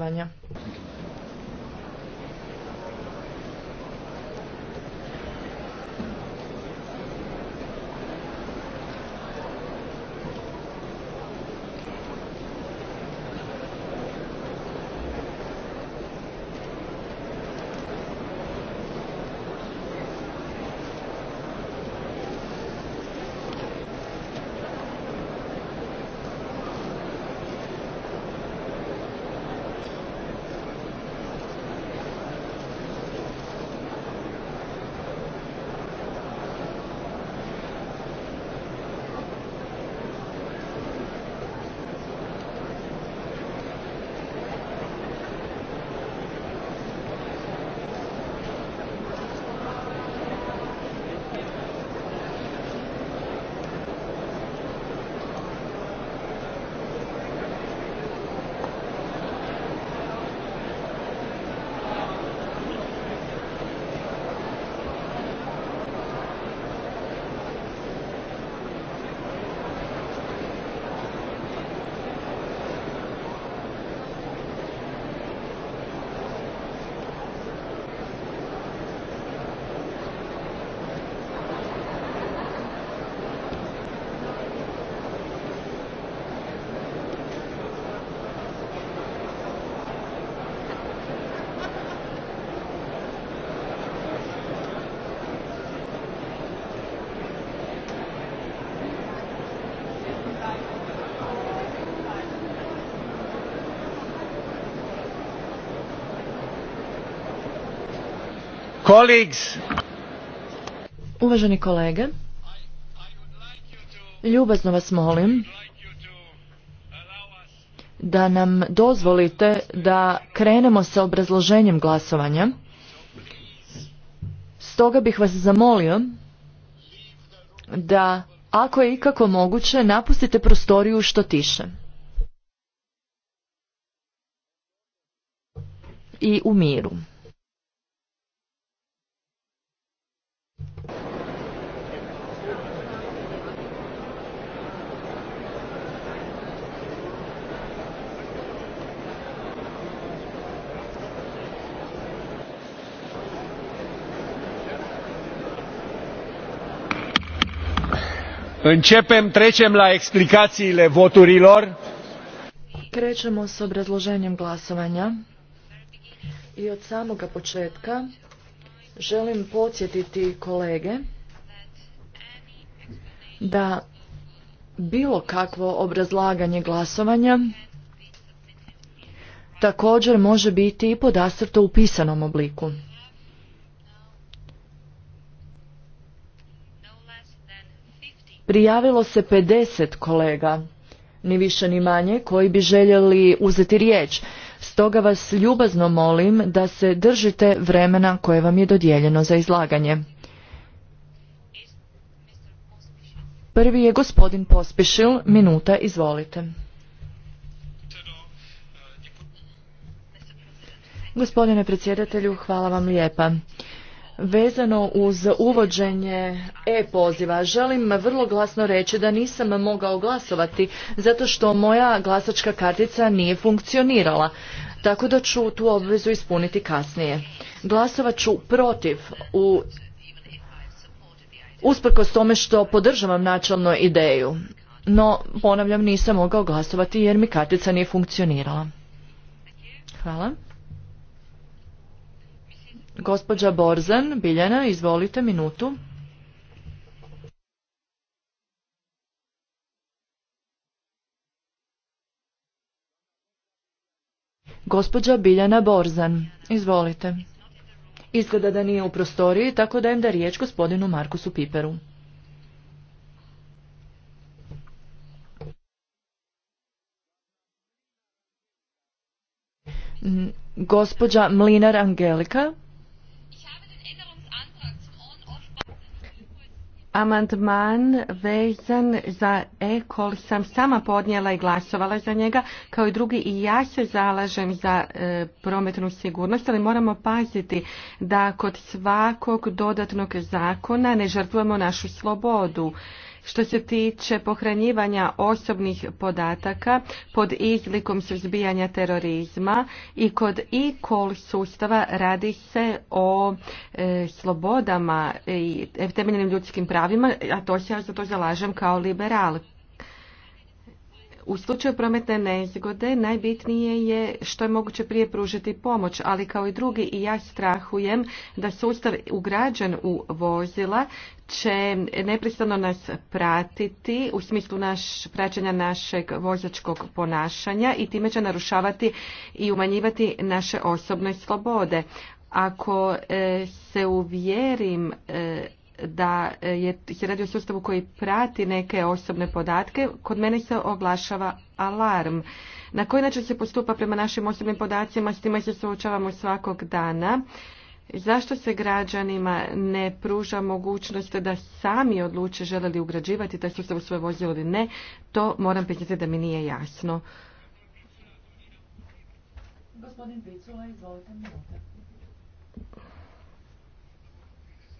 glasovanja. Uvaženi kolege, ljubazno vas molim da nam dozvolite da krenemo sa obrazloženjem glasovanja. Stoga bih vas zamolio da, ako je ikako moguće, napustite prostoriju što tiše. I u miru. Începem, la explicațiile voturilor. Krećemo s obrazloženjem glasovanja i od samoga početka želim podsjetiti kolege da bilo kakvo obrazlaganje glasovanja također može biti i podastrto u pisanom obliku. Prijavilo se 50 kolega, ni više ni manje, koji bi željeli uzeti riječ. Stoga vas ljubazno molim da se držite vremena koje vam je dodijeljeno za izlaganje. Prvi je gospodin Pospišil, minuta, izvolite. Gospodine predsjedatelju, hvala vam lijepa. Vezano uz uvođenje e-poziva, želim vrlo glasno reći da nisam mogao glasovati zato što moja glasačka kartica nije funkcionirala, tako da ću tu obvezu ispuniti kasnije. Glasovat ću protiv u usprkos tome što podržavam načelno ideju, no ponavljam nisam mogao glasovati jer mi kartica nije funkcionirala. Hvala. Gospođa Borzan, Biljana, izvolite minutu. Gospođa Biljana Borzan, izvolite. Izgleda da nije u prostoriji, tako da im da riječ gospodinu Markusu Piperu. Gospođa Mlinar Angelika. Amandman vezan za ekol sam sama podnijela i glasovala za njega, kao i drugi i ja se zalažem za e, prometnu sigurnost, ali moramo paziti da kod svakog dodatnog zakona ne žrtvujemo našu slobodu. Što se tiče pohranjivanja osobnih podataka pod izlikom suzbijanja terorizma i kod e-call sustava radi se o e, slobodama i temeljnim ljudskim pravima, a to se ja za to zalažem kao liberal. U slučaju prometne nezgode najbitnije je što je moguće prije pružiti pomoć, ali kao i drugi i ja strahujem da sustav ugrađen u vozila će nepristano nas pratiti u smislu naš, praćenja našeg vozačkog ponašanja i time će narušavati i umanjivati naše osobne slobode. Ako e, se uvjerim e, da e, je se radi o sustavu koji prati neke osobne podatke, kod mene se oglašava alarm. Na koji način se postupa prema našim osobnim podacima, s time se suočavamo svakog dana. Zašto se građanima ne pruža mogućnost da sami odluče žele li ugrađivati taj sustav u svoje vozilo ili ne, to moram priznati da mi nije jasno. Gospodin Picula, izvolite minuta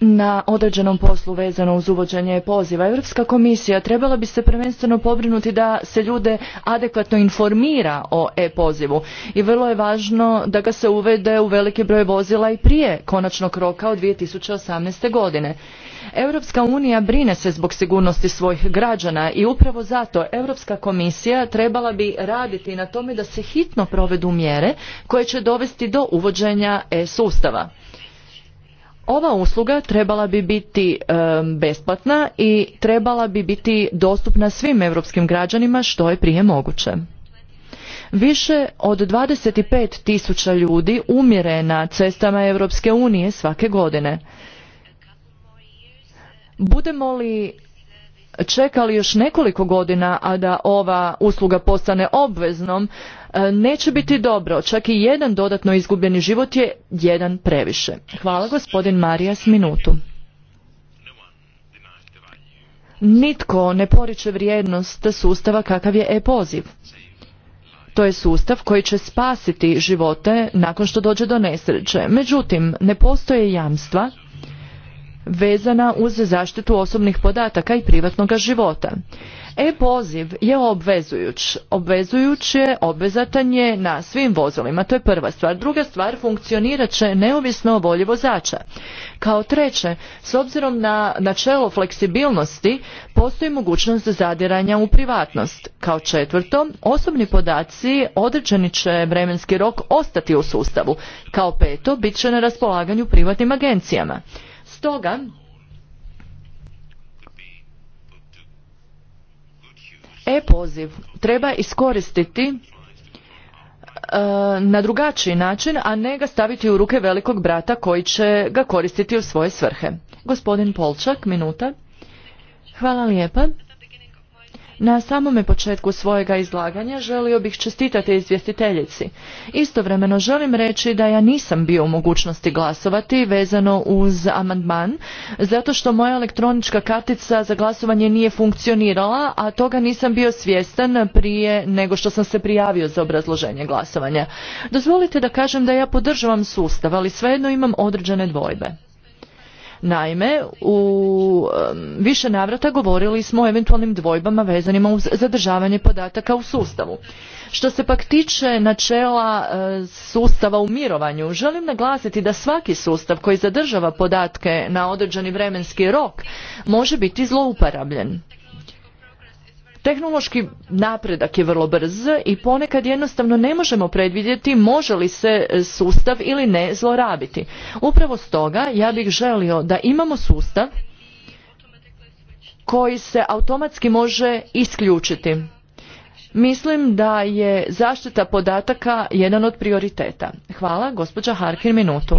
na određenom poslu vezano uz uvođenje poziva. Europska komisija trebala bi se prvenstveno pobrinuti da se ljude adekvatno informira o e-pozivu i vrlo je važno da ga se uvede u veliki broj vozila i prije konačnog roka od 2018. godine. Europska unija brine se zbog sigurnosti svojih građana i upravo zato Europska komisija trebala bi raditi na tome da se hitno provedu mjere koje će dovesti do uvođenja e-sustava. Ova usluga trebala bi biti besplatna i trebala bi biti dostupna svim europskim građanima što je prije moguće. Više od 25 tisuća ljudi umire na cestama Europske unije svake godine. Budemo li čekali još nekoliko godina, a da ova usluga postane obveznom, e, neće biti dobro. Čak i jedan dodatno izgubljeni život je jedan previše. Hvala gospodin Marijas minutu. Nitko ne poriče vrijednost sustava kakav je e-poziv. To je sustav koji će spasiti živote nakon što dođe do nesreće. Međutim, ne postoje jamstva vezana uz zaštitu osobnih podataka i privatnog života. E-poziv je obvezujuć. Obvezujuć je, obvezatan je na svim vozilima, to je prva stvar. Druga stvar, funkcionirat će neovisno o volji vozača. Kao treće, s obzirom na načelo fleksibilnosti, postoji mogućnost zadiranja u privatnost. Kao četvrto, osobni podaci određeni će vremenski rok ostati u sustavu. Kao peto, bit će na raspolaganju privatnim agencijama. Stoga, e-poziv treba iskoristiti e, na drugačiji način, a ne ga staviti u ruke velikog brata koji će ga koristiti u svoje svrhe. Gospodin Polčak, minuta. Hvala lijepa. Na samome početku svojega izlaganja želio bih čestitati izvjestiteljici. Istovremeno želim reći da ja nisam bio u mogućnosti glasovati vezano uz amandman, zato što moja elektronička kartica za glasovanje nije funkcionirala, a toga nisam bio svjestan prije nego što sam se prijavio za obrazloženje glasovanja. Dozvolite da kažem da ja podržavam sustav, ali svejedno imam određene dvojbe. Naime, u više navrata govorili smo o eventualnim dvojbama vezanima uz zadržavanje podataka u sustavu. Što se pak tiče načela e, sustava u mirovanju, želim naglasiti da svaki sustav koji zadržava podatke na određeni vremenski rok može biti zlouporabljen. Tehnološki napredak je vrlo brz i ponekad jednostavno ne možemo predvidjeti može li se e, sustav ili ne zlorabiti. Upravo stoga ja bih želio da imamo sustav koji se automatski može isključiti. Mislim da je zaštita podataka jedan od prioriteta. Hvala, gospođa Harkin, minutu.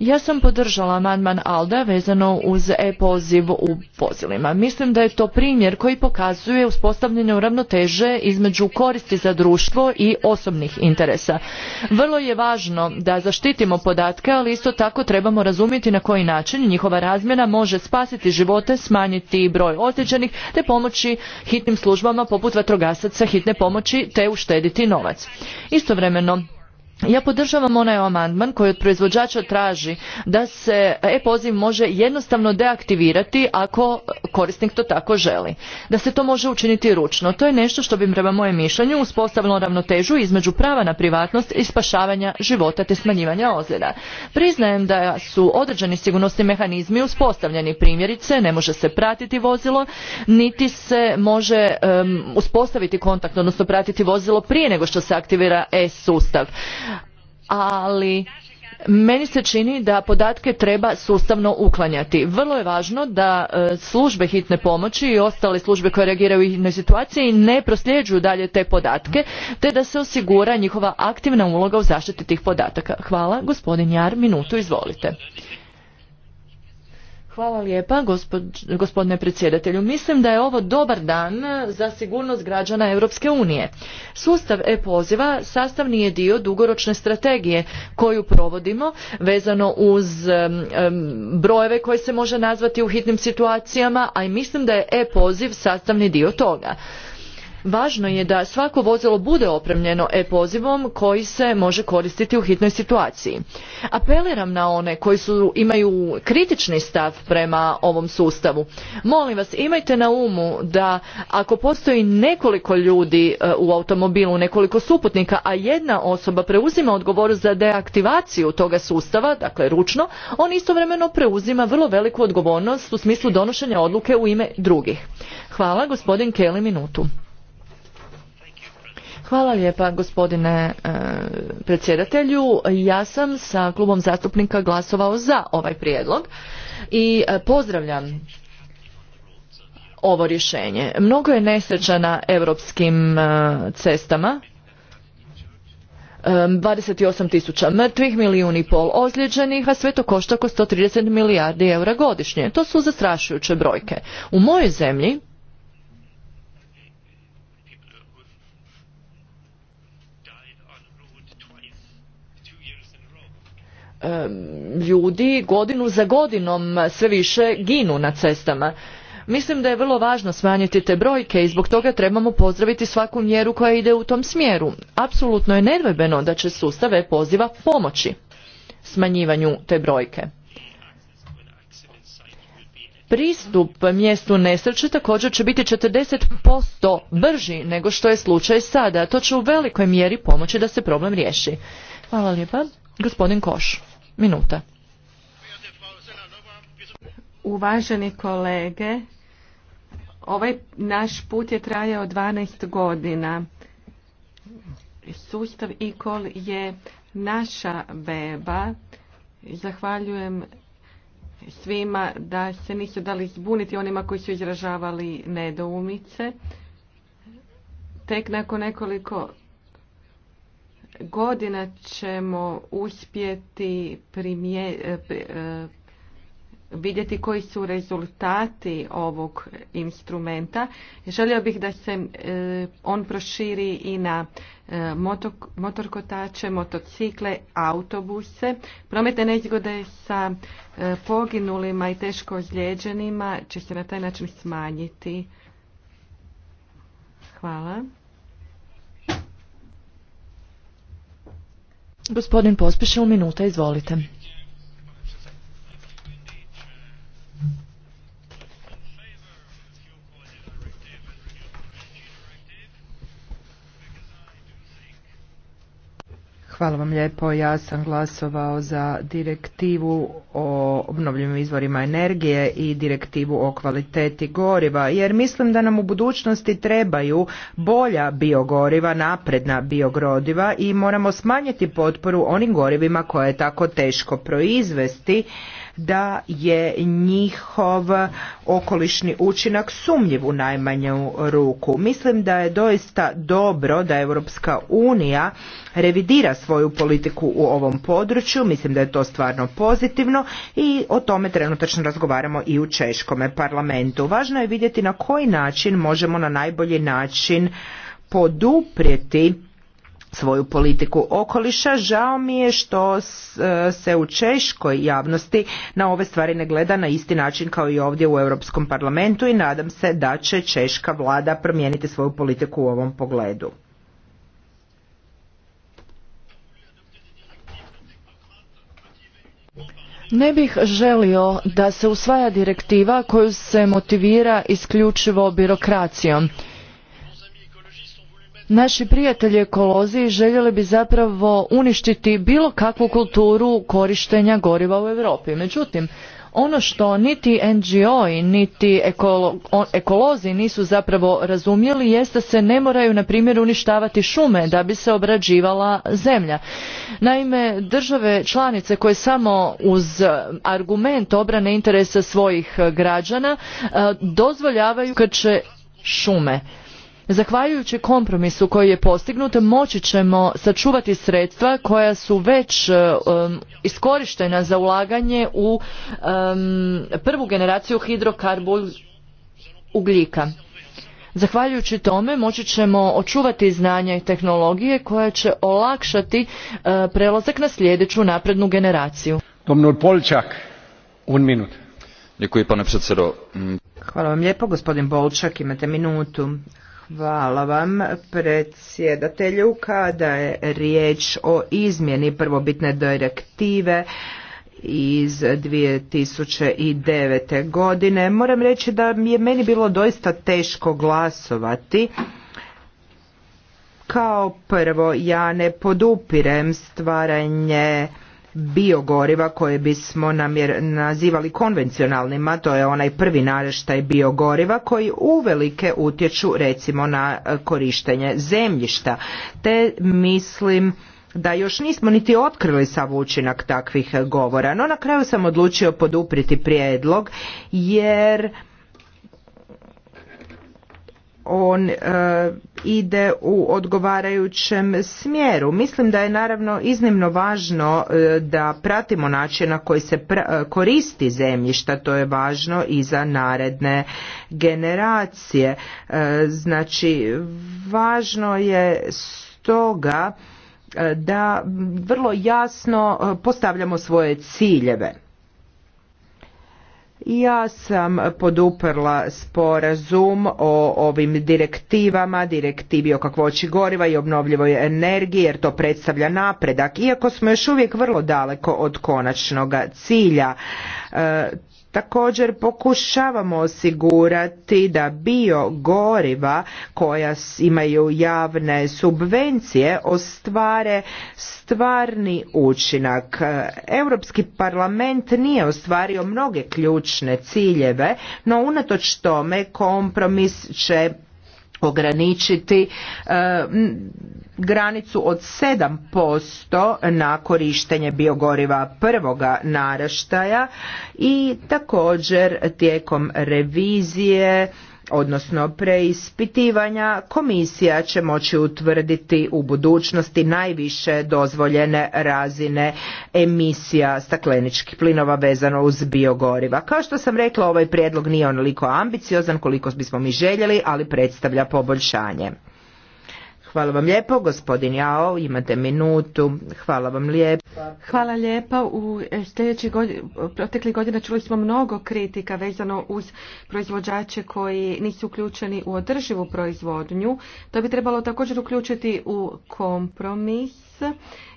Ja sam podržala amandman Alda vezano uz e-poziv u pozivima. Mislim da je to primjer koji pokazuje uspostavljanje ravnoteže između koristi za društvo i osobnih interesa. Vrlo je važno da zaštitimo podatke, ali isto tako trebamo razumjeti na koji način njihova razmjena može spasiti živote, smanjiti broj ozlijeđenih te pomoći hitnim službama poput vatrogasaca hitne pomoći te uštediti novac. Istovremeno ja podržavam onaj amandman koji od proizvođača traži da se e-poziv može jednostavno deaktivirati ako korisnik to tako želi. Da se to može učiniti ručno. To je nešto što bi prema mojem mišljenju uspostavilo ravnotežu između prava na privatnost i spašavanja života te smanjivanja ozljeda. Priznajem da su određeni sigurnosni mehanizmi uspostavljeni primjerice, ne može se pratiti vozilo, niti se može uspostaviti kontakt, odnosno pratiti vozilo prije nego što se aktivira e-sustav ali meni se čini da podatke treba sustavno uklanjati. Vrlo je važno da e, službe hitne pomoći i ostale službe koje reagiraju u hitnoj situaciji ne prosljeđuju dalje te podatke, te da se osigura njihova aktivna uloga u zaštiti tih podataka. Hvala. Gospodin Jar, minutu, izvolite. Hvala lijepa gospodine predsjedatelju. Mislim da je ovo dobar dan za sigurnost građana Europske unije. Sustav e-poziva sastavni je dio dugoročne strategije koju provodimo vezano uz brojeve koje se može nazvati u hitnim situacijama, a i mislim da je e-poziv sastavni dio toga. Važno je da svako vozilo bude opremljeno e-pozivom koji se može koristiti u hitnoj situaciji. Apeliram na one koji su, imaju kritični stav prema ovom sustavu. Molim vas, imajte na umu da ako postoji nekoliko ljudi e, u automobilu, nekoliko suputnika, a jedna osoba preuzima odgovornost za deaktivaciju toga sustava, dakle ručno, on istovremeno preuzima vrlo veliku odgovornost u smislu donošenja odluke u ime drugih. Hvala, gospodin Kelly, minutu. Hvala lijepa gospodine e, predsjedatelju. Ja sam sa klubom zastupnika glasovao za ovaj prijedlog i e, pozdravljam ovo rješenje. Mnogo je nesreća na europskim e, cestama. 28 tisuća mrtvih, milijun i pol ozlijeđenih, a sve to košta oko 130 milijardi eura godišnje. To su zastrašujuće brojke. U mojoj zemlji ljudi godinu za godinom sve više ginu na cestama. Mislim da je vrlo važno smanjiti te brojke i zbog toga trebamo pozdraviti svaku mjeru koja ide u tom smjeru. Apsolutno je nedvojbeno da će sustav poziva pomoći smanjivanju te brojke. Pristup mjestu nesreće također će biti 40% brži nego što je slučaj sada. To će u velikoj mjeri pomoći da se problem riješi. Hvala lijepa. Gospodin Koš minuta. Uvaženi kolege, ovaj naš put je trajao 12 godina. Sustav ICOL je naša beba. Zahvaljujem svima da se nisu dali zbuniti onima koji su izražavali nedoumice. Tek nakon nekoliko godina ćemo uspjeti primje, e, e, vidjeti koji su rezultati ovog instrumenta. Želio bih da se e, on proširi i na motorkotače, motocikle, autobuse. Prometne nezgode sa poginulima i teško ozlijeđenima će se na taj način smanjiti. Hvala. Gospodin Pospišil, minuta, izvolite. Hvala vam lijepo. Ja sam glasovao za direktivu o obnovljivim izvorima energije i direktivu o kvaliteti goriva jer mislim da nam u budućnosti trebaju bolja biogoriva, napredna biogrodiva i moramo smanjiti potporu onim gorivima koje je tako teško proizvesti da je njihov okolišni učinak sumnjiv u najmanju ruku. Mislim da je doista dobro da Europska unija revidira svoju politiku u ovom području, mislim da je to stvarno pozitivno i o tome trenutačno razgovaramo i u Češkom parlamentu. Važno je vidjeti na koji način možemo na najbolji način poduprijeti svoju politiku okoliša. Žao mi je što e, se u češkoj javnosti na ove stvari ne gleda na isti način kao i ovdje u Europskom parlamentu i nadam se da će češka vlada promijeniti svoju politiku u ovom pogledu. Ne bih želio da se usvaja direktiva koju se motivira isključivo birokracijom. Naši prijatelji ekolozi željeli bi zapravo uništiti bilo kakvu kulturu korištenja goriva u Europi. Međutim, ono što niti NGO-i, niti ekolozi nisu zapravo razumjeli jest da se ne moraju, na primjer, uništavati šume da bi se obrađivala zemlja. Naime, države članice koje samo uz argument obrane interesa svojih građana e, dozvoljavaju krče šume. Zahvaljujući kompromisu koji je postignut moći ćemo sačuvati sredstva koja su već e, iskorištena za ulaganje u prvu generaciju hidrokarbul ugljika. Zahvaljujući tome moći ćemo očuvati znanja i tehnologije koje će olakšati e, prelazak na sljedeću naprednu generaciju. Hvala vam lijepo, gospodin Bolčak, imate minutu. Hvala vam predsjedatelju kada je riječ o izmjeni prvobitne direktive iz 2009. godine. Moram reći da je meni bilo doista teško glasovati. Kao prvo, ja ne podupirem stvaranje biogoriva koje bismo namjer nazivali konvencionalnima, to je onaj prvi nareštaj biogoriva koji uvelike utječu recimo na e, korištenje zemljišta. Te mislim da još nismo niti otkrili sav učinak takvih govora, no na kraju sam odlučio podupriti prijedlog jer on e, ide u odgovarajućem smjeru. Mislim da je naravno iznimno važno e, da pratimo način na koji se e, koristi zemljišta, to je važno i za naredne generacije. Znači, važno je stoga da vrlo jasno postavljamo svoje ciljeve. Ja sam poduprla sporazum o ovim direktivama, direktivi o kakvoći goriva i obnovljivoj energiji jer to predstavlja napredak. Iako smo još uvijek vrlo daleko od konačnog cilja, e, Također pokušavamo osigurati da bio goriva koja imaju javne subvencije ostvare stvarni učinak. Europski parlament nije ostvario mnoge ključne ciljeve, no unatoč tome kompromis će ograničiti e, granicu od 7% na korištenje biogoriva prvoga naraštaja i također tijekom revizije odnosno preispitivanja komisija će moći utvrditi u budućnosti najviše dozvoljene razine emisija stakleničkih plinova vezano uz biogoriva. Kao što sam rekla, ovaj prijedlog nije onoliko ambiciozan koliko bismo mi željeli, ali predstavlja poboljšanje. Hvala vam lijepo, gospodin Jao, imate minutu. Hvala vam lijepo. Hvala lijepo. U e, sljedeći godin, protekli godina čuli smo mnogo kritika vezano uz proizvođače koji nisu uključeni u održivu proizvodnju. To bi trebalo također uključiti u kompromis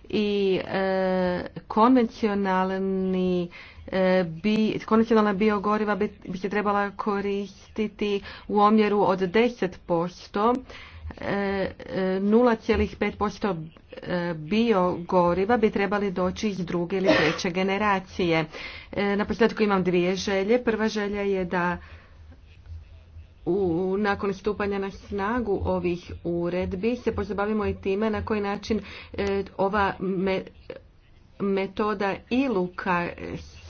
i e, konvencionalni e, bi, konvencionalna biogoriva bi, se trebala koristiti u omjeru od 10%. 0,5% biogoriva bi trebali doći iz druge ili treće generacije. E, na početku imam dvije želje. Prva želja je da u, nakon stupanja na snagu ovih uredbi se pozabavimo i time na koji način e, ova metoda iluka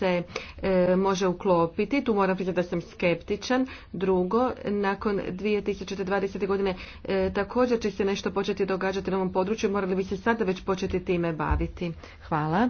se e, može uklopiti. Tu moram priznati da sam skeptičan. Drugo, nakon 2020. godine e, također će se nešto početi događati na ovom području. Morali bi se sada već početi time baviti. Hvala.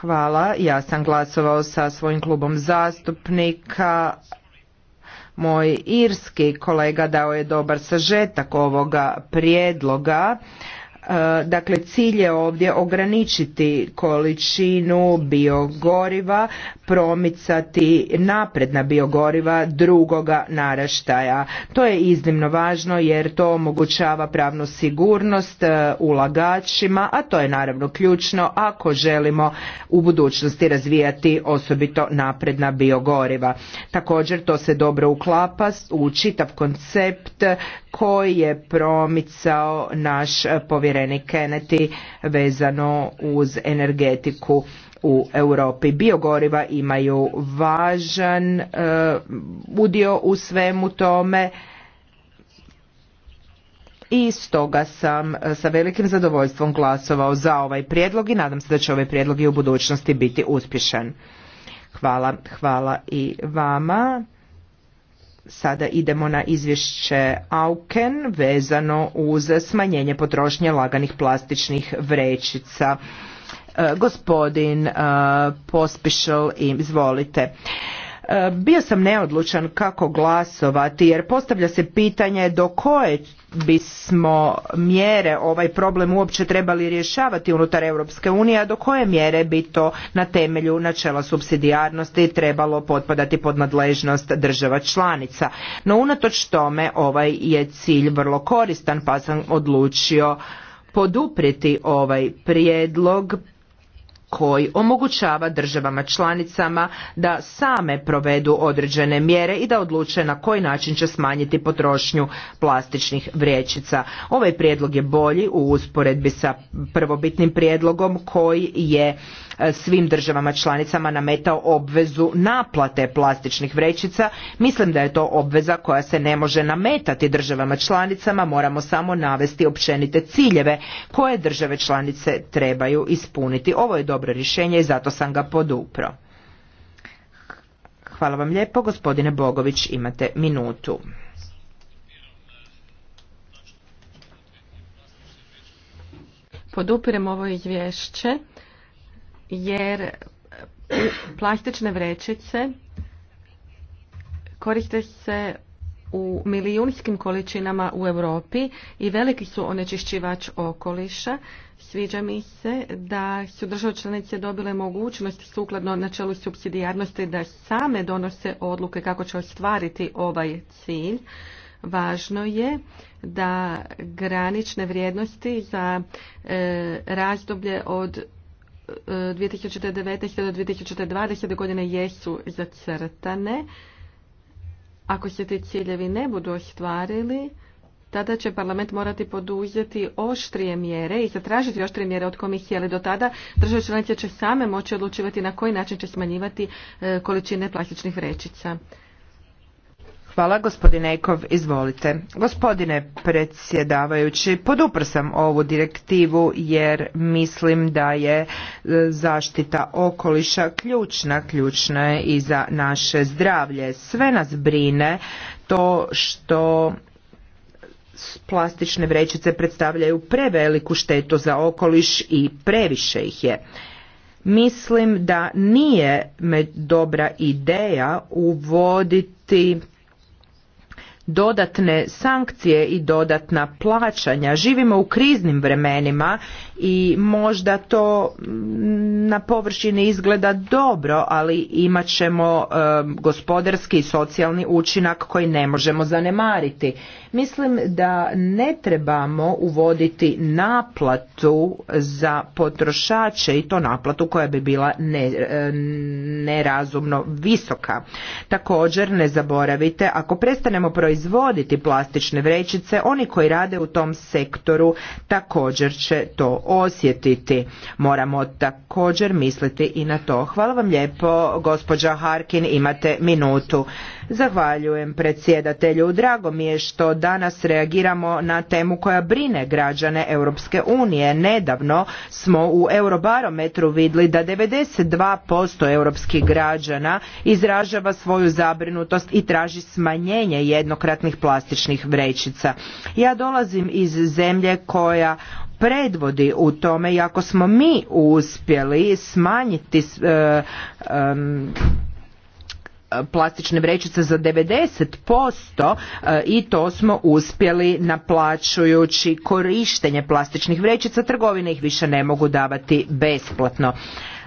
Hvala. Ja sam glasovao sa svojim klubom zastupnika. Moj irski kolega dao je dobar sažetak ovoga prijedloga. E, dakle cilj je ovdje ograničiti količinu biogoriva, promicati napredna biogoriva drugoga naraštaja. To je iznimno važno jer to omogućava pravnu sigurnost e, ulagačima, a to je naravno ključno ako želimo u budućnosti razvijati osobito napredna biogoriva. Također to se dobro uklapa u čitav koncept koji je promicao naš povjerenik Kennedy vezano uz energetiku u Europi. Biogoriva imaju važan e, udio u svemu tome i stoga sam e, sa velikim zadovoljstvom glasovao za ovaj prijedlog i nadam se da će ovaj prijedlog i u budućnosti biti uspješan. Hvala, hvala i vama. Sada idemo na izvješće Auken vezano uz smanjenje potrošnje laganih plastičnih vrećica. E, gospodin e, Pospišel, izvolite. E, bio sam neodlučan kako glasovati jer postavlja se pitanje do koje bismo mjere ovaj problem uopće trebali rješavati unutar Europske unije, a do koje mjere bi to na temelju načela subsidijarnosti trebalo potpadati pod nadležnost država članica. No unatoč tome ovaj je cilj vrlo koristan pa sam odlučio poduprijeti ovaj prijedlog koji omogućava državama članicama da same provedu određene mjere i da odluče na koji način će smanjiti potrošnju plastičnih vrećica. Ovaj prijedlog je bolji u usporedbi sa prvobitnim prijedlogom koji je e, svim državama članicama nametao obvezu naplate plastičnih vrećica. Mislim da je to obveza koja se ne može nametati državama članicama, moramo samo navesti općenite ciljeve koje države članice trebaju ispuniti. Ovo je dobro dobro rješenje i zato sam ga podupro. Hvala vam lijepo, gospodine Bogović, imate minutu. Podupirem ovo izvješće jer plastične vrećice koriste se u milijunskim količinama u Europi i veliki su onečišćivač okoliša. Sviđa mi se da su države članice dobile mogućnost sukladno načelu subsidijarnosti da same donose odluke kako će ostvariti ovaj cilj. Važno je da granične vrijednosti za e, razdoblje od 2019. E, do 2020. godine jesu zacrtane. Ako se ti ciljevi ne budu ostvarili, tada će parlament morati poduzeti oštrije mjere i zatražiti oštrije mjere od komisije, ali do tada države članice će same moći odlučivati na koji način će smanjivati e, količine plastičnih vrećica. Hvala gospodine Ekov, izvolite. Gospodine predsjedavajući, podupr sam ovu direktivu jer mislim da je e, zaštita okoliša ključna, ključna je i za naše zdravlje. Sve nas brine to što plastične vrećice predstavljaju preveliku štetu za okoliš i previše ih je. Mislim da nije dobra ideja uvoditi dodatne sankcije i dodatna plaćanja. Živimo u kriznim vremenima i možda to mm, na površini izgleda dobro, ali imat ćemo gospodarski i socijalni učinak koji ne možemo zanemariti. Mislim da ne trebamo uvoditi naplatu za potrošače i to naplatu koja bi bila nerazumno visoka. Također ne zaboravite, ako prestanemo proizvoditi plastične vrećice, oni koji rade u tom sektoru također će to osjetiti. Moramo također misliti i na to. Hvala vam lijepo, gospođa Harkin, imate minutu. Zahvaljujem predsjedatelju. Drago mi je što danas reagiramo na temu koja brine građane Europske unije. Nedavno smo u Eurobarometru vidjeli da 92% europskih građana izražava svoju zabrinutost i traži smanjenje jednokratnih plastičnih vrećica. Ja dolazim iz zemlje koja predvodi u tome i ako smo mi uspjeli smanjiti e, plastične vrećice za 90% e, i to smo uspjeli naplaćujući korištenje plastičnih vrećica, trgovine ih više ne mogu davati besplatno.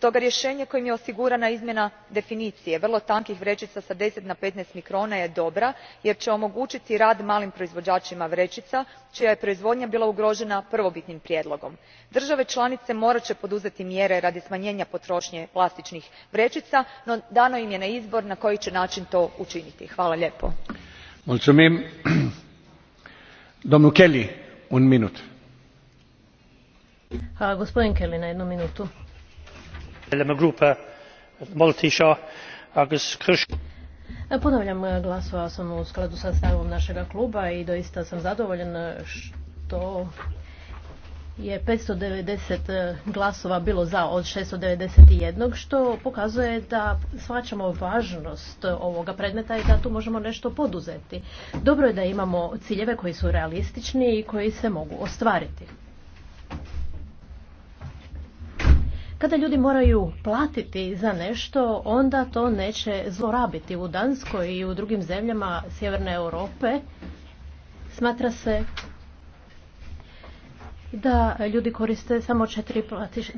stoga rješenje kojim je osigurana izmjena definicije vrlo tankih vrećica sa deset na petnaest mikrona je dobra jer će omogućiti rad malim proizvođačima vrećica čija je proizvodnja bila ugrožena prvobitnim prijedlogom. države članice morat će poduzeti mjere radi smanjenja potrošnje plastičnih vrećica no dano im je na izbor na koji će način to učiniti. hvala ponavljam glasovao sam u skladu sa stavom našega kluba i doista sam zadovoljan što je 590 e, glasova bilo za od 691, što pokazuje da shvaćamo važnost ovoga predmeta i da tu možemo nešto poduzeti. Dobro je da imamo ciljeve koji su realistični i koji se mogu ostvariti. Kada ljudi moraju platiti za nešto, onda to neće zlorabiti u Danskoj i u drugim zemljama Sjeverne Europe. Smatra se da ljudi koriste samo četiri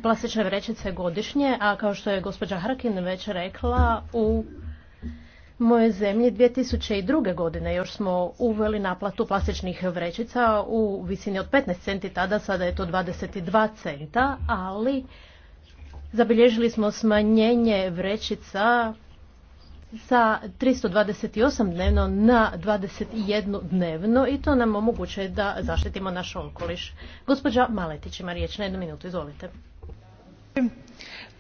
plastične vrećice godišnje, a kao što je gospođa Harkin već rekla, u moje zemlji 2002. godine još smo uveli naplatu plastičnih vrećica u visini od 15 centi tada, sada je to 22 centa, ali Zabilježili smo smanjenje vrećica sa 328 dnevno na 21 dnevno i to nam omogućuje da zaštitimo naš okoliš. Gospođa Maletić ima riječ na jednu minutu, izvolite.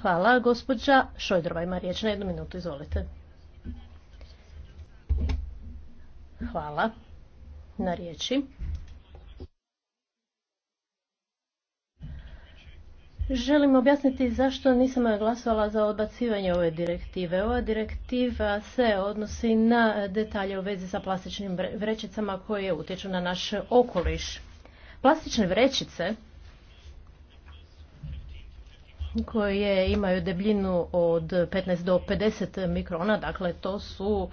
Hvala. Gospođa Šojdrova ima riječ na jednu minutu. Izvolite. Hvala na riječi. Želim objasniti zašto nisam glasovala za odbacivanje ove direktive. Ova direktiva se odnosi na detalje u vezi sa plastičnim vrećicama koje utječu na naš okoliš. Plastične vrećice koje imaju debljinu od 15 do 50 mikrona, dakle to su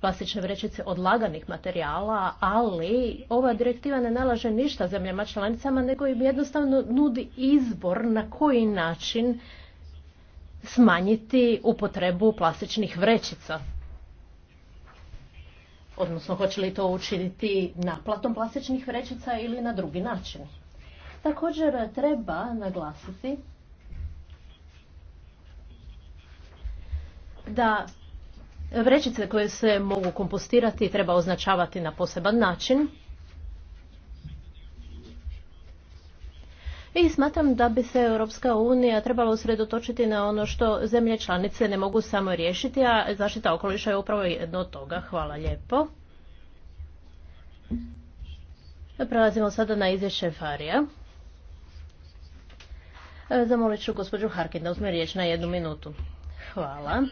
plastične vrećice od laganih materijala, ali ova direktiva ne nalaže ništa zemljama članicama, nego im jednostavno nudi izbor na koji način smanjiti upotrebu plastičnih vrećica. Odnosno, hoće li to učiniti naplatom plastičnih vrećica ili na drugi način. Također treba naglasiti da vrećice koje se mogu kompostirati treba označavati na poseban način. I smatram da bi se Europska unija trebala usredotočiti na ono što zemlje članice ne mogu samo riješiti, a zaštita okoliša je upravo jedno od toga. Hvala lijepo. Prelazimo sada na izvješće Farija. Zamolit ću gospođu Harkin da uzme riječ na jednu minutu. Hvala.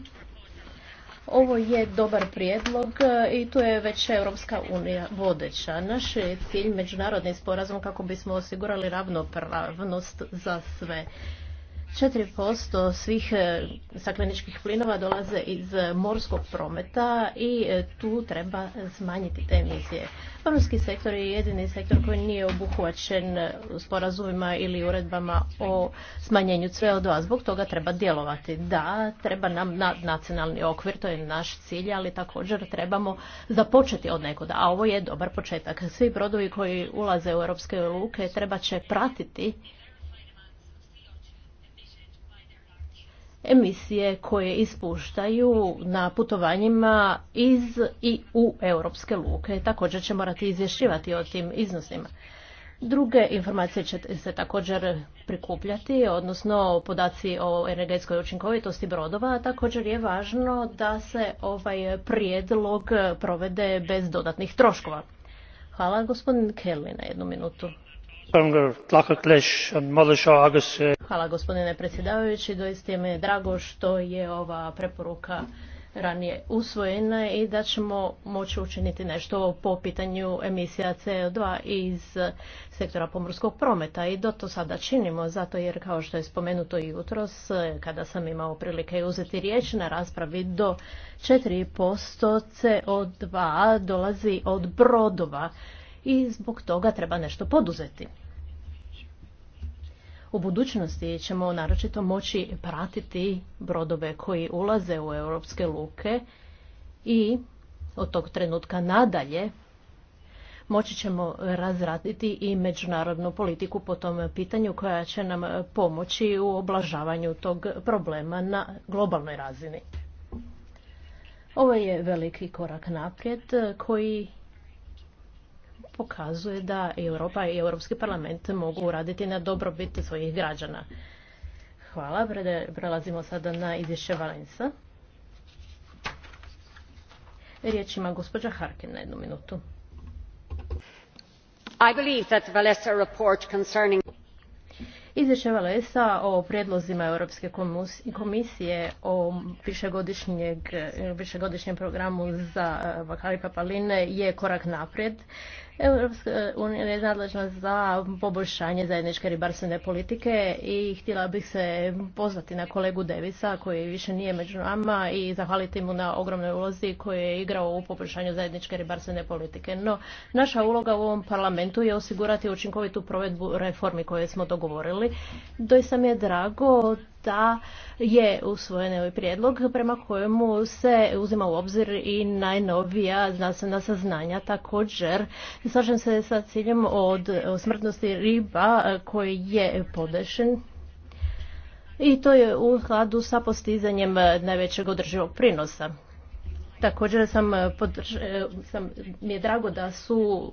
Ovo je dobar prijedlog e, i tu je već Europska unija vodeća. Naš je cilj međunarodni sporazum kako bismo osigurali ravnopravnost za sve posto svih e, stakleničkih plinova dolaze iz morskog prometa i e, tu treba smanjiti te emisije. Pomorski sektor je jedini sektor koji nije obuhvaćen e, sporazumima ili uredbama o smanjenju CO2. Zbog toga treba djelovati. Da, treba nam nacionalni okvir, to je naš cilj, ali također trebamo započeti od nekuda. A ovo je dobar početak. Svi brodovi koji ulaze u europske luke treba će pratiti emisije koje ispuštaju na putovanjima iz i u europske luke. Također će morati izvješćivati o tim iznosima. Druge informacije će se također prikupljati, odnosno podaci o energetskoj učinkovitosti brodova. također je važno da se ovaj prijedlog provede bez dodatnih troškova. Hvala gospodin Kelly na jednu minutu. Eh. Hvala gospodine predsjedavajući. Doista mi je drago što je ova preporuka ranije usvojena i da ćemo moći učiniti nešto po pitanju emisija CO2 iz sektora pomorskog prometa i do to sada činimo zato jer kao što je spomenuto i jutros kada sam imao prilike uzeti riječ na raspravi do 4% CO2 dolazi od brodova i zbog toga treba nešto poduzeti. U budućnosti ćemo naročito moći pratiti brodove koji ulaze u europske luke i od tog trenutka nadalje moći ćemo razraditi i međunarodnu politiku po tom pitanju koja će nam pomoći u oblažavanju tog problema na globalnoj razini. Ovo je veliki korak naprijed koji pokazuje da Europa i Europski parlament mogu raditi na dobrobit svojih građana. Hvala. Prelazimo sada na izvješće Valensa. Riječ ima gospođa Harkin na jednu minutu. I Valesa report concerning Izvješće Valesa o prijedlozima Europske komisije o višegodišnjem programu za eh, vakali Papaline je korak naprijed. Europska unija je nadležna za poboljšanje zajedničke ribarstvene politike i htjela bih se pozvati na kolegu Devisa koji više nije među nama i zahvaliti mu na ogromnoj ulozi koji je igrao u poboljšanju zajedničke ribarstvene politike. No, naša uloga u ovom parlamentu je osigurati učinkovitu provedbu reformi koje smo dogovorili. Doista mi je drago da je usvojen ovaj prijedlog prema kojemu se uzima u obzir i najnovija znanstvena saznanja. Također, slažem se sa ciljem od smrtnosti riba koji je podešen i to je u skladu sa postizanjem najvećeg održivog prinosa. Također sam, e, sam mi je drago da su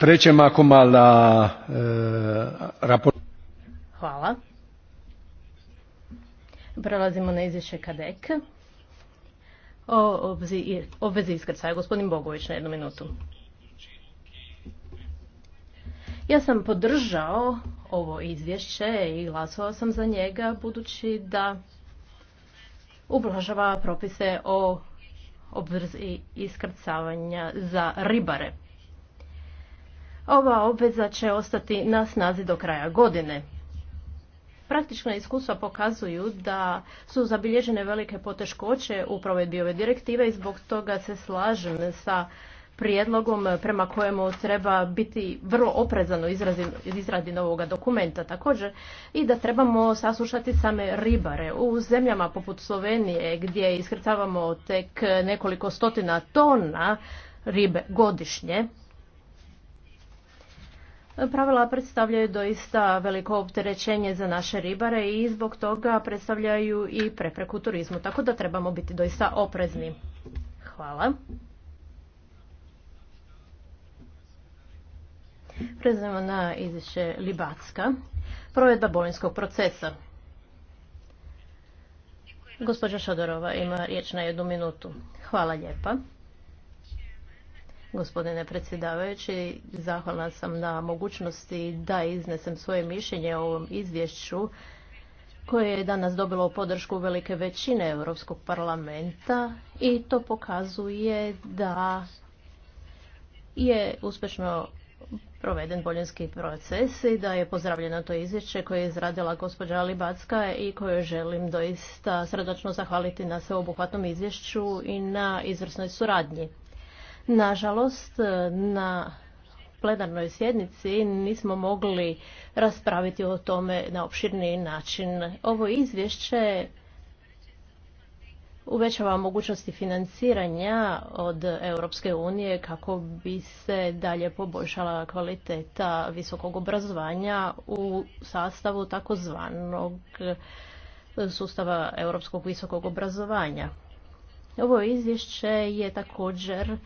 E, Hvala. Prelazimo na izvješće KADEK. O obvezi iskrcaja. Gospodin Bogović na jednu minutu. Ja sam podržao ovo izvješće i glasovao sam za njega budući da ublažava propise o obvezi iskrcavanja za ribare. Ova obveza će ostati na snazi do kraja godine. Praktična iskustva pokazuju da su zabilježene velike poteškoće u provedbi ove direktive i zbog toga se slažem sa prijedlogom prema kojemu treba biti vrlo oprezano izradi novoga dokumenta također i da trebamo saslušati same ribare. U zemljama poput Slovenije gdje iskrcavamo tek nekoliko stotina tona ribe godišnje, Pravila predstavljaju doista veliko opterećenje za naše ribare i zbog toga predstavljaju i prepreku turizmu, tako da trebamo biti doista oprezni. Hvala. Prezimo na izvješće Libacka. Provedba bolinskog procesa. Gospođa Šadorova ima riječ na jednu minutu. Hvala lijepa. Gospodine predsjedavajući, zahvalna sam na mogućnosti da iznesem svoje mišljenje o ovom izvješću koje je danas dobilo podršku velike većine Europskog parlamenta i to pokazuje da je uspješno proveden boljenski proces i da je pozdravljeno to izvješće koje je izradila gospođa Alibacka i koje želim doista srdačno zahvaliti na sveobuhvatnom izvješću i na izvrsnoj suradnji. Nažalost, na plenarnoj sjednici nismo mogli raspraviti o tome na opširni način. Ovo izvješće uvećava mogućnosti financiranja od Europske unije kako bi se dalje poboljšala kvaliteta visokog obrazovanja u sastavu takozvanog sustava europskog visokog obrazovanja. Ovo izvješće je također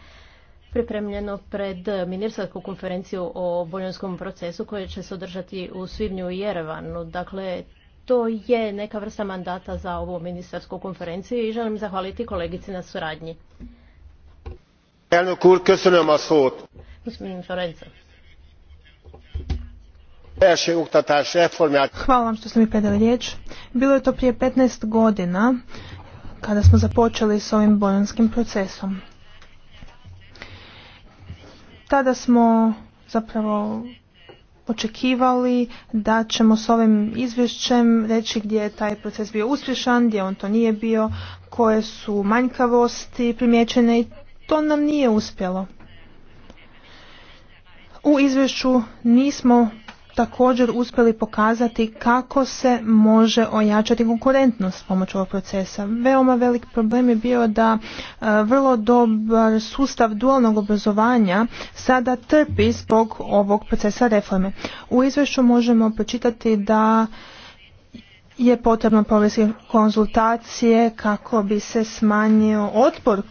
pripremljeno pred ministarsku konferenciju o boljonskom procesu koje će se održati u Svibnju i Jerevanu. Dakle, to je neka vrsta mandata za ovu ministarsku konferenciju i želim zahvaliti kolegici na suradnji. Hvala vam što ste mi predali riječ. Bilo je to prije 15 godina kada smo započeli s ovim boljanskim procesom. Tada smo zapravo očekivali da ćemo s ovim izvješćem reći gdje je taj proces bio uspješan, gdje on to nije bio, koje su manjkavosti primjećene i to nam nije uspjelo. U izvješću nismo također uspjeli pokazati kako se može ojačati konkurentnost pomoću ovog procesa. Veoma velik problem je bio da e, vrlo dobar sustav dualnog obrazovanja sada trpi zbog ovog procesa reforme. U izvješću možemo pročitati da je potrebno povesti konzultacije kako bi se smanjio otpor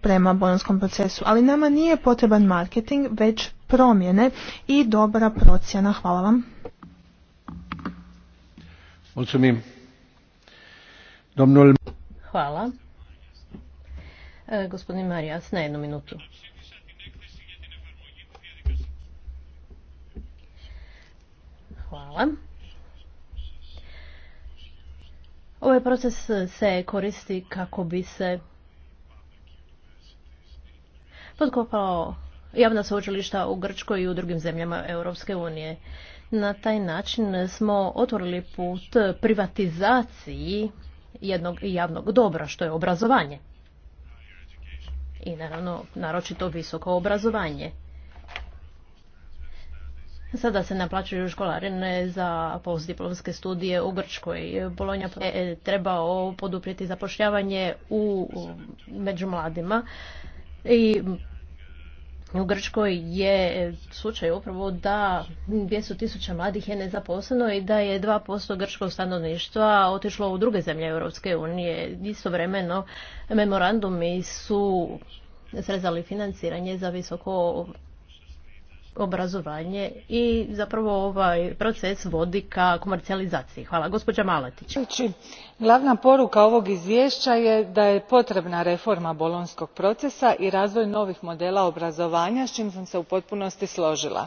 prema bolonskom procesu, ali nama nije potreban marketing, već promjene i dobra procjena. Hvala vam. Hvala. E, gospodin Marijas, na jednu minutu. Hvala. Ovaj proces se koristi kako bi se podkopao javna sveučilišta u Grčkoj i u drugim zemljama Europske unije. Na taj način smo otvorili put privatizaciji jednog javnog dobra, što je obrazovanje. I naravno, naročito visoko obrazovanje. Sada se naplaćuju školarine za postdiplomske studije u Grčkoj. Bolonja je trebao poduprijeti zapošljavanje u, među mladima i u Grčkoj je slučaj upravo da 200 tisuća mladih je nezaposleno i da je 2% grčkog stanovništva otišlo u druge zemlje Europske unije. Istovremeno memorandumi su srezali financiranje za visoko obrazovanje i zapravo ovaj proces vodi ka komercijalizaciji. Hvala. Gospođa Maletić. Glavna poruka ovog izvješća je da je potrebna reforma bolonjskog procesa i razvoj novih modela obrazovanja s čim sam se u potpunosti složila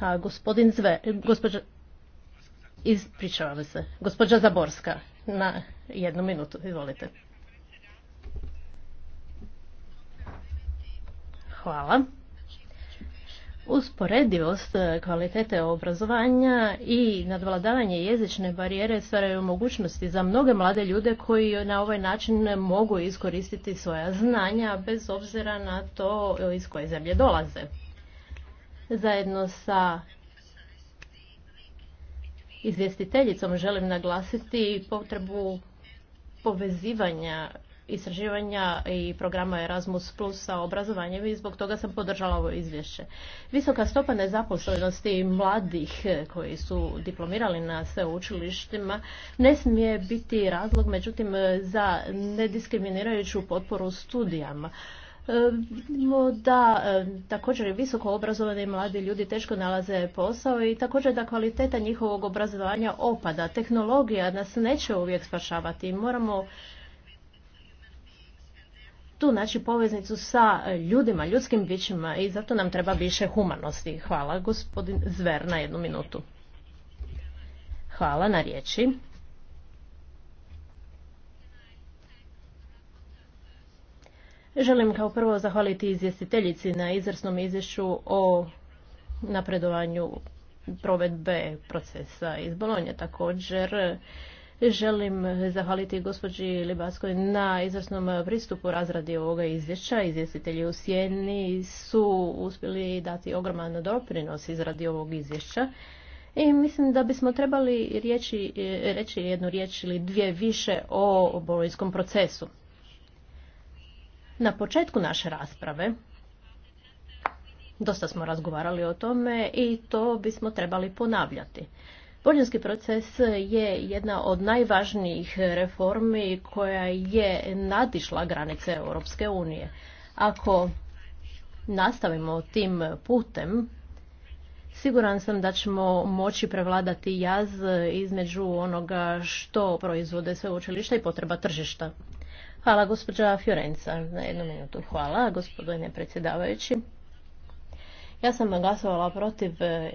A gospodin Zve, gospođa, ispričavam se, gospođa Zaborska, na jednu minutu, izvolite. Hvala. Usporedivost kvalitete obrazovanja i nadvladavanje jezične barijere stvaraju mogućnosti za mnoge mlade ljude koji na ovaj način mogu iskoristiti svoja znanja bez obzira na to iz koje zemlje dolaze. Zajedno sa izvjestiteljicom želim naglasiti potrebu povezivanja istraživanja i programa Erasmus Plus sa obrazovanjem i zbog toga sam podržala ovo izvješće. Visoka stopa nezaposlenosti mladih koji su diplomirali na sveučilištima ne smije biti razlog, međutim, za nediskriminirajuću potporu studijama da e, također visoko obrazovani mladi ljudi teško nalaze posao i također da kvaliteta njihovog obrazovanja opada. Tehnologija nas neće uvijek spašavati. Moramo tu naći poveznicu sa ljudima, ljudskim bićima i zato nam treba više humanosti. Hvala gospodin Zver na jednu minutu. Hvala na riječi. Želim kao prvo zahvaliti izvjestiteljici na izvrsnom izvješću o napredovanju provedbe procesa iz Bolonje. Također želim zahvaliti gospođi Libaskoj na izvrsnom pristupu razradi ovoga izvješća. Izvjestitelji u Sjeni su uspjeli dati ogroman doprinos izradi ovog izvješća. I mislim da bismo trebali riječi, reći jednu riječ ili dvije više o bolonjskom procesu. Na početku naše rasprave dosta smo razgovarali o tome i to bismo trebali ponavljati. Boljanski proces je jedna od najvažnijih reformi koja je nadišla granice Europske unije. Ako nastavimo tim putem, siguran sam da ćemo moći prevladati jaz između onoga što proizvode sveučilišta i potreba tržišta. Hvala gospođa Fiorenca na jednu minutu. Hvala gospodine predsjedavajući. Ja sam glasovala protiv e,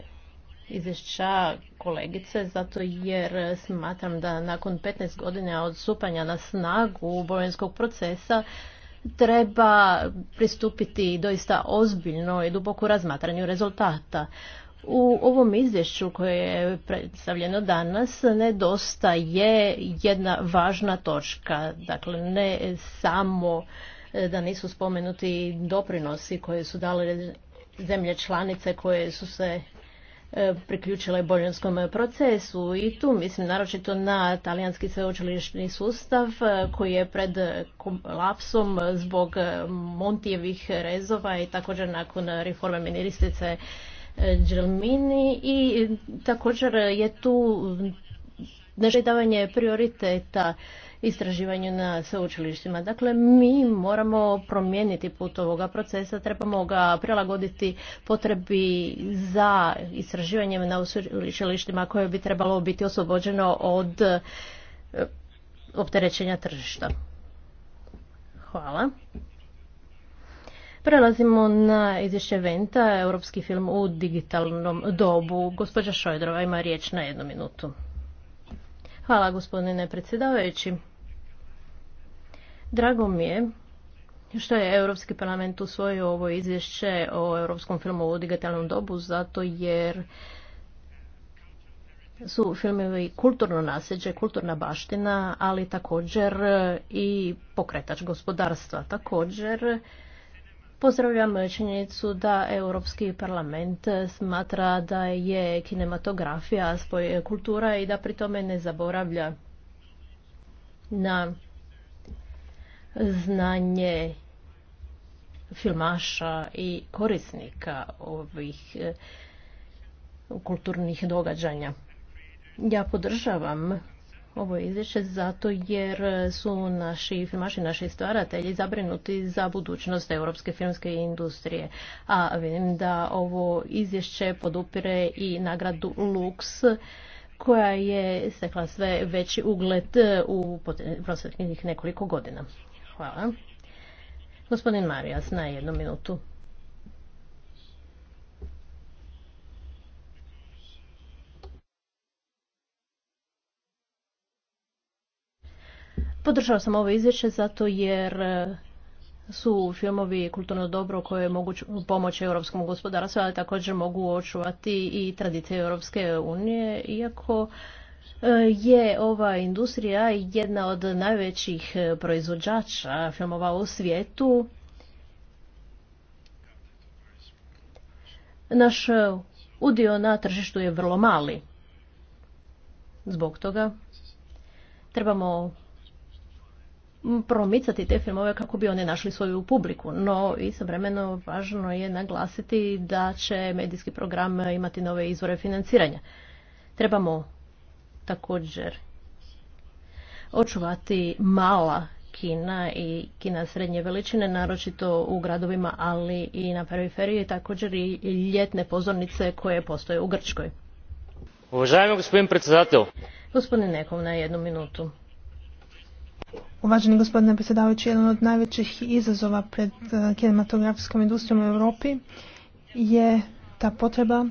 izvješća kolegice zato jer smatram da nakon 15 godina od stupanja na snagu bolonjskog procesa treba pristupiti doista ozbiljno i duboko razmatranju rezultata. U ovom izvješću koje je predstavljeno danas nedostaje jedna važna točka, dakle ne samo e, da nisu spomenuti doprinosi koje su dale zemlje članice koje su se e, priključile boljanskom procesu i tu mislim naročito na talijanski sveučilišni sustav e, koji je pred lapsom zbog Montijevih rezova i također nakon reforme ministrice Dželmini i također je tu davanje prioriteta istraživanju na sveučilištima. Dakle, mi moramo promijeniti put ovoga procesa, trebamo ga prilagoditi potrebi za istraživanjem na sveučilištima koje bi trebalo biti oslobođeno od e, opterećenja tržišta. Hvala. Prelazimo na izvješće Venta, europski film u digitalnom dobu. Gospođa Šojdrova ima riječ na jednu minutu. Hvala gospodine predsjedavajući. Drago mi je što je Europski parlament usvojio ovo izvješće o europskom filmu u digitalnom dobu zato jer su filmovi kulturno nasljeđe, kulturna baština, ali također i pokretač gospodarstva. Također Pozdravljam činjenicu da Europski parlament smatra da je kinematografija spoj kultura i da pri tome ne zaboravlja na znanje filmaša i korisnika ovih e, kulturnih događanja. Ja podržavam ovo izvješće zato jer su naši filmaši, naši stvaratelji zabrinuti za budućnost europske filmske industrije. A vidim da ovo izvješće podupire i nagradu Lux koja je stekla sve veći ugled u proteklih nekoliko godina. Hvala. Gospodin Marijas na jednu minutu. Podržao sam ovo izvješće zato jer e, su filmovi kulturno dobro koje mogu pomoći europskom gospodarstvu, ali također mogu očuvati i tradicije Europske unije, iako e, je ova industrija jedna od najvećih e, proizvođača filmova u svijetu. Naš udio na tržištu je vrlo mali. Zbog toga trebamo promicati te filmove kako bi one našli svoju publiku. No istovremeno važno je naglasiti da će medijski program imati nove izvore financiranja. Trebamo također očuvati mala kina i kina srednje veličine, naročito u gradovima, ali i na periferiji, također i ljetne pozornice koje postoje u Grčkoj. Uvažajmo gospodin predsjedatelj. Gospodin Nekov, na jednu minutu. Uvaženi gospodine predsjedavajući, jedan od najvećih izazova pred eh, kinematografskom industrijom u Europi je ta potreba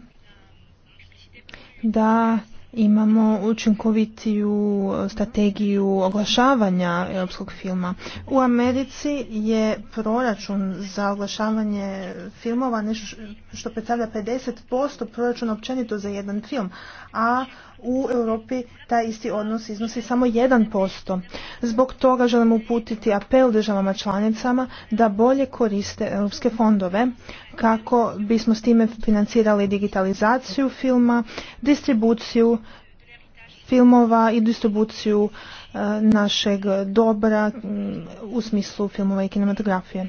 da imamo učinkovitiju strategiju oglašavanja europskog filma. U Americi je proračun za oglašavanje filmova nešto što predstavlja 50% proračuna općenito za jedan film, a u Europi taj isti odnos iznosi samo 1%. Zbog toga želimo uputiti apel državama članicama da bolje koriste europske fondove kako bismo s time financirali digitalizaciju filma, distribuciju filmova i distribuciju e, našeg dobra u smislu filmova i kinematografije.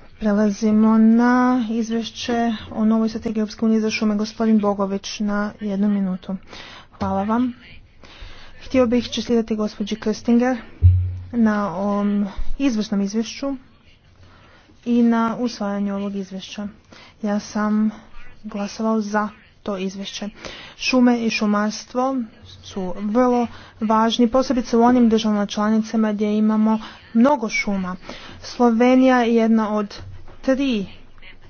Prelazimo na izvješće o novoj strategiji Europske unije za šume. Gospodin Bogović na jednu minutu. Hvala vam. Htio bih čestitati gospođi Köstinger na ovom izvršnom izvješću i na usvajanju ovog izvješća. Ja sam glasovao za to izvješće. Šume i šumarstvo su vrlo važni, posebice u onim državama članicama gdje imamo mnogo šuma. Slovenija je jedna od tri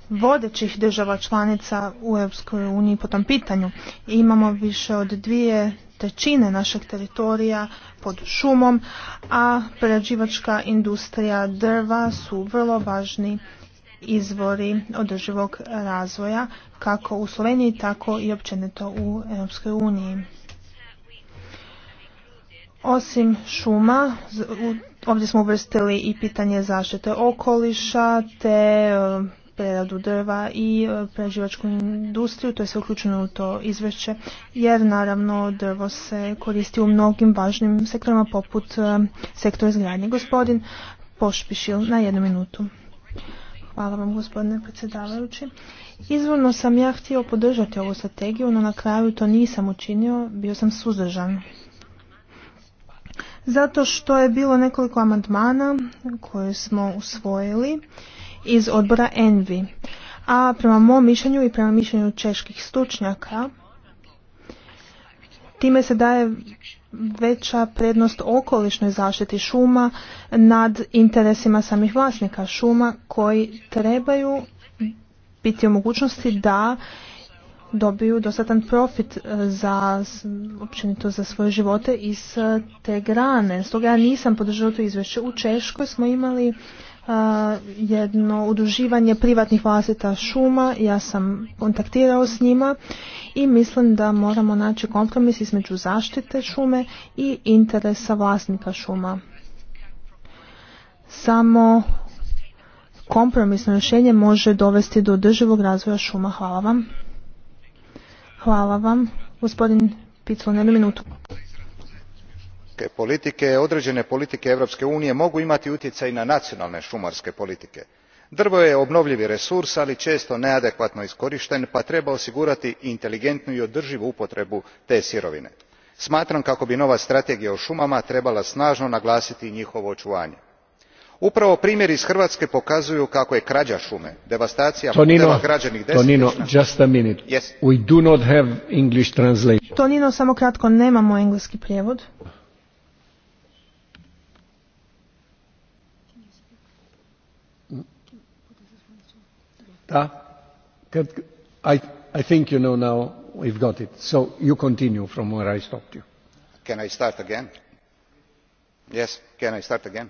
vodećih država članica u Europskoj uniji po tom pitanju. Imamo više od dvije trećine našeg teritorija pod šumom, a prerađivačka industrija drva su vrlo važni izvori održivog razvoja kako u Sloveniji tako i općenito u Europskoj uniji. Osim šuma u Ovdje smo uvrstili i pitanje zaštite okoliša te e, preradu drva i e, preživačku industriju, to je sve uključeno u to izvješće, jer naravno drvo se koristi u mnogim važnim sektorima poput e, sektora zgradnje. Gospodin Pošpišil na jednu minutu. Hvala vam gospodine predsjedavajući. Izvorno sam ja htio podržati ovu strategiju, no na kraju to nisam učinio, bio sam suzdržan zato što je bilo nekoliko amandmana koje smo usvojili iz odbora Envi. A prema mom mišljenju i prema mišljenju čeških stručnjaka, time se daje veća prednost okolišnoj zaštiti šuma nad interesima samih vlasnika šuma koji trebaju biti u mogućnosti da dobiju dostatan profit e, za, općenito za svoje živote iz e, te grane. Stoga ja nisam podržao to izvješće. U Češkoj smo imali e, jedno udruživanje privatnih vlasita šuma. Ja sam kontaktirao s njima i mislim da moramo naći kompromis između zaštite šume i interesa vlasnika šuma. Samo kompromisno rješenje može dovesti do održivog razvoja šuma. Hvala vam. Hvala vam. Gospodin minutu. Politike, određene politike Europske unije mogu imati utjecaj na nacionalne šumarske politike. Drvo je obnovljivi resurs, ali često neadekvatno iskorišten, pa treba osigurati inteligentnu i održivu upotrebu te sirovine. Smatram kako bi nova strategija o šumama trebala snažno naglasiti njihovo očuvanje upravo primjeri iz hrvatske pokazuju kako je krađa ume devastacija just a minute. We do not puteva graenih desetljeima. tonino samo kratko nemamo engleski prijevod. Da? Kad, I, I think you know now we've got it. So you continue from where I stopped you. Can I start again? Yes, can I start again?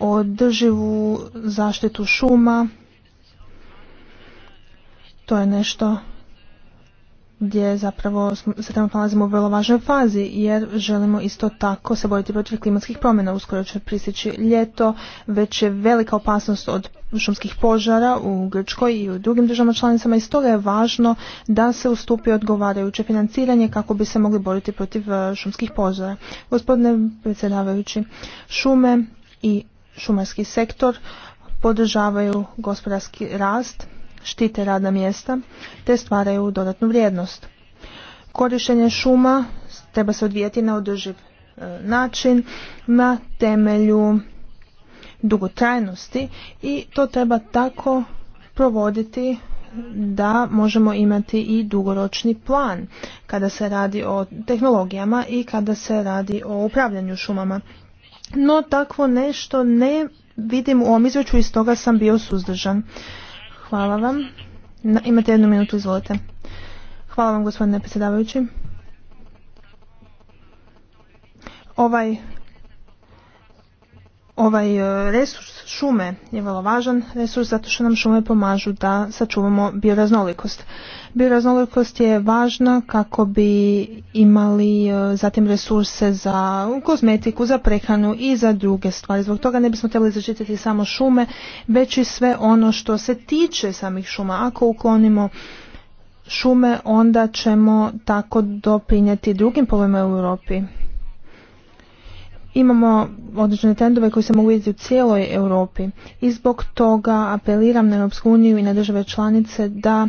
održivu zaštitu šuma. To je nešto gdje zapravo se tamo nalazimo u vrlo važnoj fazi jer želimo isto tako se boriti protiv klimatskih promjena. Uskoro će pristići ljeto, već je velika opasnost od šumskih požara u Grčkoj i u drugim državama članicama i stoga je važno da se ustupi odgovarajuće financiranje kako bi se mogli boriti protiv e, šumskih požara. Gospodine predsjedavajući, šume i šumarski sektor podržavaju gospodarski rast, štite radna mjesta te stvaraju dodatnu vrijednost. Korištenje šuma treba se odvijeti na održiv e, način na temelju dugotrajnosti i to treba tako provoditi da možemo imati i dugoročni plan kada se radi o tehnologijama i kada se radi o upravljanju šumama. No takvo nešto ne vidim u ovom izveću i stoga sam bio suzdržan. Hvala vam. imate jednu minutu, izvolite. Hvala vam gospodine predsjedavajući. Ovaj ovaj e, resurs šume je vrlo važan resurs zato što nam šume pomažu da sačuvamo bioraznolikost. Bioraznolikost je važna kako bi imali e, zatim resurse za kozmetiku, za prehranu i za druge stvari. Zbog toga ne bismo trebali zaštititi samo šume, već i sve ono što se tiče samih šuma. Ako uklonimo šume, onda ćemo tako doprinijeti drugim problemima u Europi. Imamo određene trendove koji se mogu vidjeti u cijeloj Europi i zbog toga apeliram na Europsku uniju i na države članice da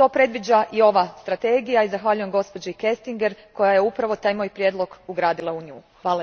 to predvia i ova strategija i zahvaljujem gospoi kstinger koja je upravo taj moj prijedlog ugradila u nju. hvala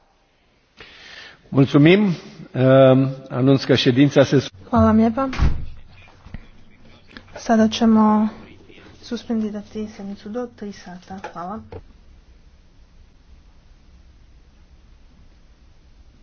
Mulțumim. Ehm, anunț că ședința se... Hvala mjepa. Sada ćemo suspendirati sedmicu do 3 sata. Hvala.